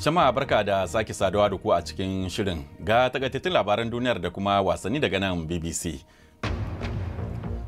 Shama barka da sake saduwa da ku a cikin shirin ga takaitattun labaran duniyar da kuma wasanni daga nan BBC.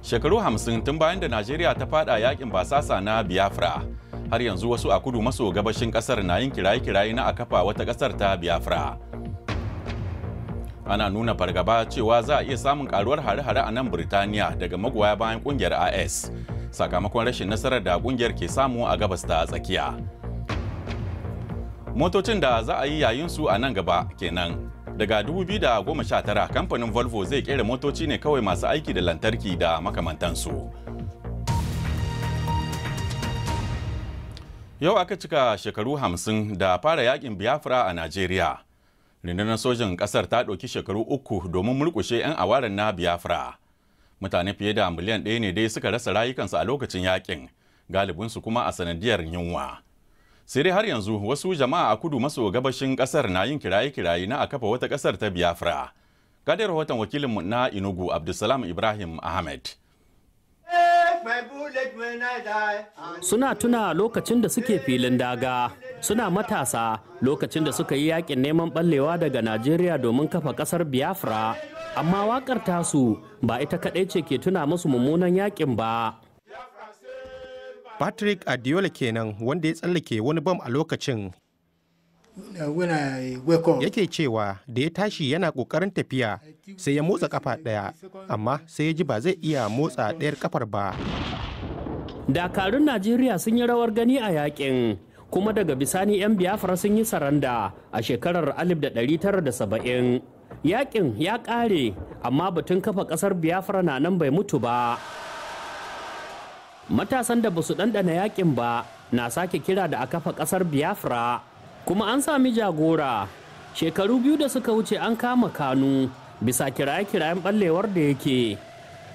Shekaru hamsin tun bayan da Najeriya ta fada yakin basasa na Biafra, har yanzu wasu a kudu maso gabashin kasar na yin kiraye-kiraye na a kafa wata kasar ta Biafra. Ana nuna fargaba cewa za a iya samun karuwar hare-hare a nan Birtaniya daga magoya bayan kungiyar as sakamakon rashin nasarar da kungiyar ke samu a gabas ta tsakiya. motocin da za a yi yayin su a nan gaba kenan daga 2019 kamfanin volvo zai kera motoci ne kawai masu aiki da lantarki da makamantansu yau aka cika shekaru hamsin da fara yakin biafra a najeriya rundunar sojin kasar ta ɗauki shekaru uku domin mulkushe 'yan awarin na biafra mutane fiye da miliyan ɗaya ne dai suka rasa rayukansu a lokacin yakin galibinsu kuma a sanadiyar yunwa sai dai har yanzu wasu jama'a a kudu maso gabashin kasar na yin kiraye-kiraye na a kafa wata kasar ta biafra ga dai rahoton wakilinmu na inugu abdulsalam ibrahim ahmed Suna tuna lokacin da suke filin daga, suna matasa lokacin da suka yi yakin neman ɓallewa daga Najeriya domin kafa ƙasar Biafra, amma waƙar tasu ba ita kaɗai ce ke tuna musu mummunan yakin ba. Patrick Adiola kenan wanda ya tsallake wani bam a lokacin. Yake cewa da ya tashi yana ƙoƙarin tafiya sai ya motsa kafa ɗaya, amma sai ya ji ba zai iya motsa ɗayar kafar ba. Dakarun Najeriya sun yi rawar gani a yakin. kuma daga bisani 'yan biyafra sun yi saranda a shekarar 1970 yakin ya ƙare amma batun kafa ƙasar biyafra na nan bai mutu ba matasan da ba su ɗanɗana yaƙin ba na sake kira da a kafa ƙasar biafra kuma an sami jagora shekaru biyu da suka wuce an kama kanu bisa kiraye-kirayen ɓallewar da yake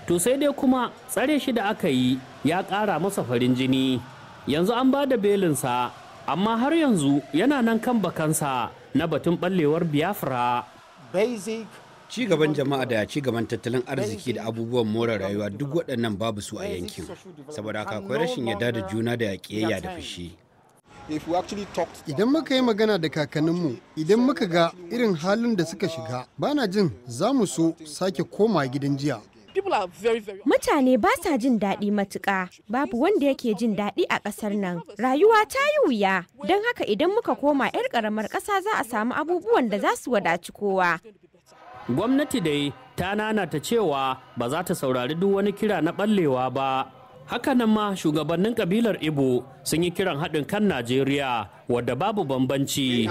to sai dai kuma tsare shi da aka yi ya ƙara masa farin jini yanzu an ba da belinsa amma har yanzu yana nan kan bakansa na batun ɓallewar biafra basic ci gaban jama'a da ci gaban tattalin arziki da abubuwan more rayuwa duk waɗannan babu su a yankin saboda haka akwai rashin yarda da juna da yaƙiyayya da fushi idan muka yi magana da kakanninmu idan muka ga irin halin da suka shiga bana jin za mu so sake koma gidan jiya Mutane ba sa jin daɗi matuƙa, babu wanda yake jin daɗi a ƙasar nan. Rayuwa ta yi wuya, don haka idan muka koma 'yar ƙaramar ƙasa za a samu abubuwan da za su wadaci kowa. gwamnati dai ta nanata cewa ba za ta saurari duk wani kira na ɓallewa ba hakanan ma shugabannin kabilar ibo sun yi kiran haɗin kan najeriya wadda babu bambanci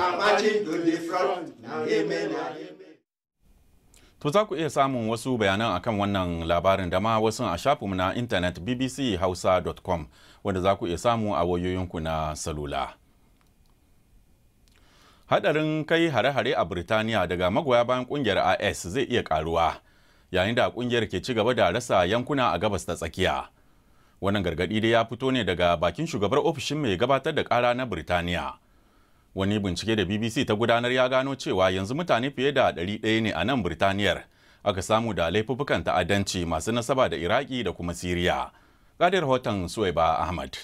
To za ku iya samun wasu bayanan akan wannan labarin da ma wasu a shafinmu na intanet bbchausa.com wanda za ku iya samu a wayoyinku na salula. hadarin kai hare-hare a Birtaniya daga magoya bayan kungiyar IS zai iya karuwa yayin da kungiyar ke ci gaba da rasa yankuna a gabas ta tsakiya. Wannan gargadi dai ya fito ne daga bakin shugabar ofishin mai gabatar da kara na Birtaniya. Wani bincike da BBC ta gudanar ya gano cewa yanzu mutane fiye da 100 ne a nan Birtaniyar aka samu da laifuffukan ta'addanci masu nasaba da Iraki da kuma Siriya. Ƙadar rahoton Suwaiba Ahmad.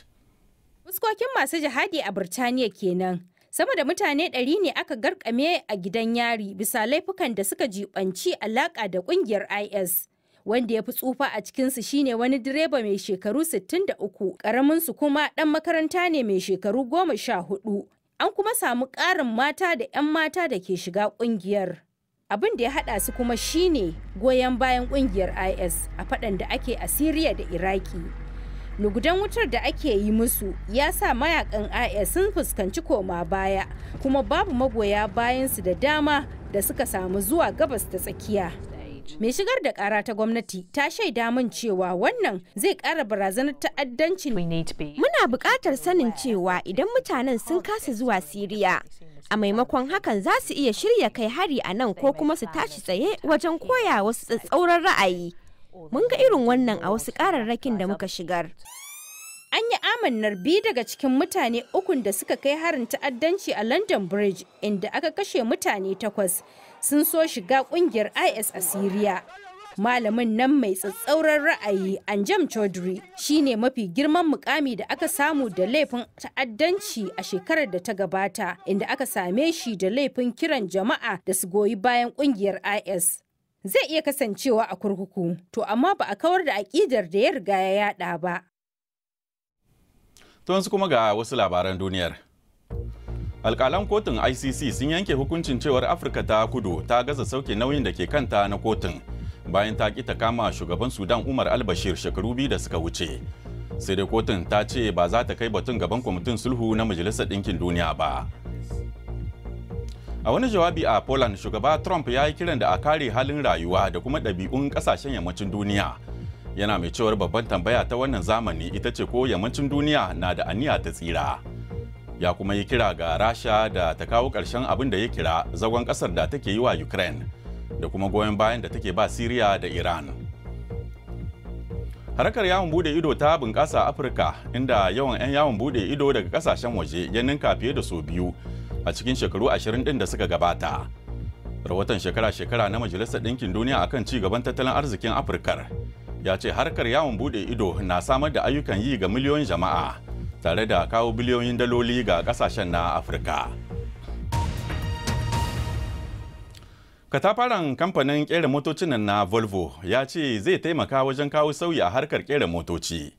Fuskokin masu jihadi a Birtaniya kenan Sama da mutane ɗari ne aka garkame a gidan yari bisa laifukan da suka jibanci alaƙa da ƙungiyar IS. Wanda ya fi tsufa a cikinsu shine wani direba mai shekaru 63, ƙaraminsu kuma ɗan makaranta ne mai shekaru 14. An kuma samu ƙarin mata da 'yan mata da ke shiga ƙungiyar. Abin da ya haɗa su kuma shine goyon bayan ƙungiyar IS a faɗan da ake a Siriya da Iraki. lugudan wutar da ake yi musu ya sa mayakan is sun fuskanci koma baya kuma babu magoya bayansu da dama da suka samu zuwa gabas ta tsakiya mai shigar da kara ta gwamnati ta shaida min cewa wannan zai kara barazanar ta'addanci muna buƙatar sanin cewa idan mutanen sun kasa zuwa siriya a maimakon hakan za su iya shirya kai hari a nan ko kuma su tashi tsaye wajen koya wasu tsatsauran ra'ayi Mun ga irin wannan a wasu ƙararrakin da muka shigar. An yi amannar biyu daga cikin mutane ukun da suka kai harin ta'addanci a London Bridge inda aka kashe mutane takwas sun so shiga kungiyar IS a syria Malamin nan mai tsatsauran ra'ayi Anjam Chaudhry shine mafi girman mukami da aka samu da laifin ta'addanci a shekarar da ta gabata inda aka same shi da laifin kiran jama'a da su goyi bayan kungiyar IS. zai iya kasancewa a kurkuku to amma ba a kawar da aƙidar da ya riga ya yada ba. To kuma ga wasu labaran duniyar. Alƙalan kotun ICC sun yanke hukuncin cewar Afirka ta kudu ta gaza sauke nauyin da ke kanta na kotun bayan ta ƙi ta kama shugaban Sudan Umar al-Bashir shekaru biyu da suka wuce. Sai dai kotun ta ce ba za ta kai batun gaban kwamitin sulhu na Majalisar Ɗinkin Duniya ba. A wani jawabi a Poland, shugaba Trump ya yi kiran da a kare halin rayuwa da kuma ɗabi'un ƙasashen yammacin duniya. Yana mai cewar babban tambaya ta wannan zamani ita ce ko yammacin duniya na da aniya ta tsira. Ya kuma yi kira ga Rasha da ta kawo ƙarshen abin da ya kira zagon ƙasar da take yi wa Ukraine da kuma goyon bayan da take ba syria da Iran. Harkar yawon bude ido ta bunƙasa Afirka inda yawan 'yan yawon bude ido daga ƙasashen waje ya ninka fiye da sau biyu a cikin shekaru ashirin ɗin da suka gabata. Rahoton shekara-shekara na Majalisar Ɗinkin Duniya kan ci gaban tattalin arzikin Afirkar ya ce harkar yawon buɗe ido na samar da ayyukan yi ga miliyoyin jama'a tare da kawo biliyoyin daloli ga ƙasashen na Afirka. Katafaren kamfanin motoci motocin na Volvo ya ce zai taimaka wajen kawo sauyi a harkar ƙera motoci.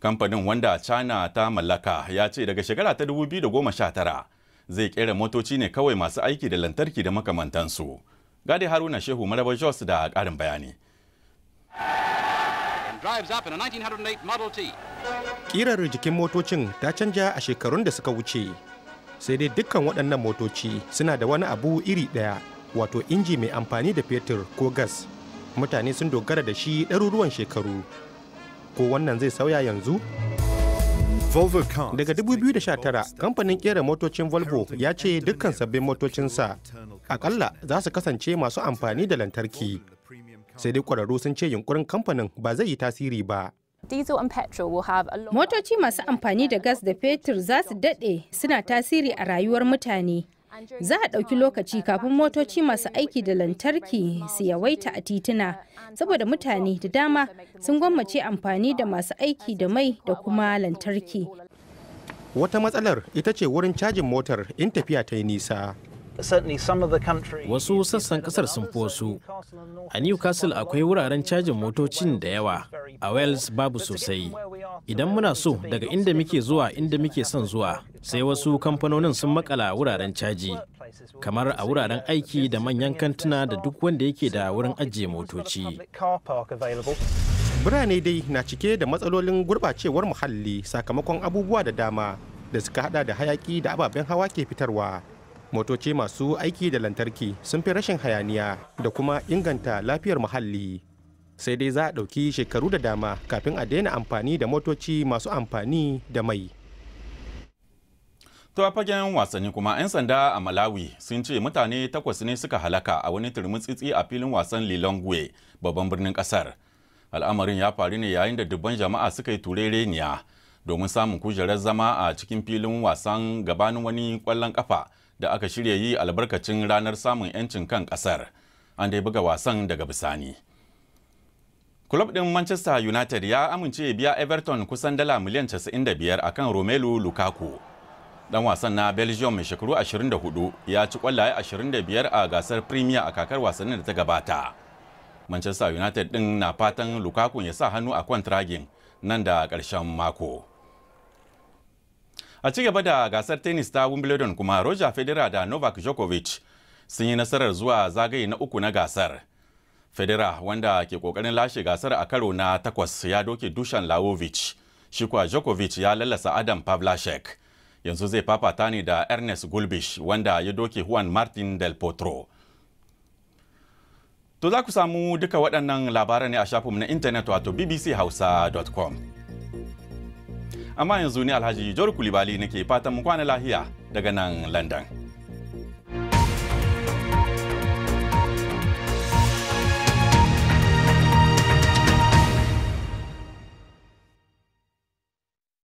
Kamfanin wanda China ta mallaka ya ce daga shekara ta 2019 zai kera motoci ne kawai masu aiki da lantarki da makamantansu gade haruna shehu maraba jos da karin bayani kirar jikin motocin ta canja a shekarun da suka wuce sai dai dukkan waɗannan motoci suna da wani abu iri ɗaya wato inji mai amfani da fetur ko gas mutane sun dogara da shi ɗaruruwan shekaru ko wannan zai sauya yanzu? Daga 2019, kamfanin kera motocin Volvo ya ce dukkan sabbin motocinsa akalla za su kasance masu amfani da lantarki. Sai dai kwararru sun ce yunkurin kamfanin ba zai yi tasiri ba. Motoci masu amfani da gas da fetur za su daɗe suna tasiri a rayuwar mutane. Za a ɗauki lokaci kafin motoci masu aiki da lantarki su yawaita a tituna, saboda mutane da dama sun gwammace amfani da masu aiki da mai da kuma lantarki. Wata matsalar ita ce wurin cajin motar in tafiya ta yi nisa. Wasu sassan kasar sun fi wasu. A Newcastle akwai wuraren cajin motocin da yawa, a Wales babu sosai. Idan muna so daga inda muke zuwa inda muke son zuwa, sai wasu kamfanonin sun makala wuraren caji. Kamar a wuraren aiki da manyan kantuna da duk wanda yake da wurin ajiye motoci. Birane dai na cike da matsalolin gurɓacewar muhalli sakamakon abubuwa da dama da suka hada da hayaƙi da ababen hawa ke fitarwa. motoci masu aiki da lantarki sun fi rashin hayaniya da kuma inganta lafiyar muhalli sai dai za a ɗauki shekaru da dama kafin a daina amfani da motoci masu amfani da mai To a fagen wasanni kuma 'yan sanda a Malawi sun ce mutane takwas ne suka halaka a wani turmutsitsi a filin wasan Lilongwe babban birnin kasar. Al'amarin ya faru ne yayin da dubban jama'a suka yi turereniya domin samun kujerar zama a cikin filin wasan gabanin wani kwallon kafa da aka shirya yi albarkacin ranar samun 'yancin kan ƙasar an dai buga wasan daga bisani club din Manchester United ya amince biya Everton kusan dala miliyan 95 kan Romelu Lukaku. Dan wasan na Belgium mai shekaru 24 ya ci kwallaye 25 a gasar Premier a kakar wasannin da ta gabata. Manchester United din na fatan Lukaku ya sa hannu a kwantragin nan da karshen mako. a ci gaba da gasar tenis ta wimbledon kuma roger federer da novak djokovic sun yi nasarar zuwa zagaye na uku na gasar federer wanda ke kokarin lashe gasar a karo na takwas ya doke dushan lawovic shi kuwa djokovic ya lalasa adam pavlashek yanzu zai fafata ne da ernest gulbish wanda ya doke juan martin del potro To za ku samu duka waɗannan labaran ne a shafinmu na intanet wato bbchausa.com. amma yanzu ne alhaji jauro kulibali nake fatan mu kwana lahiya daga nan london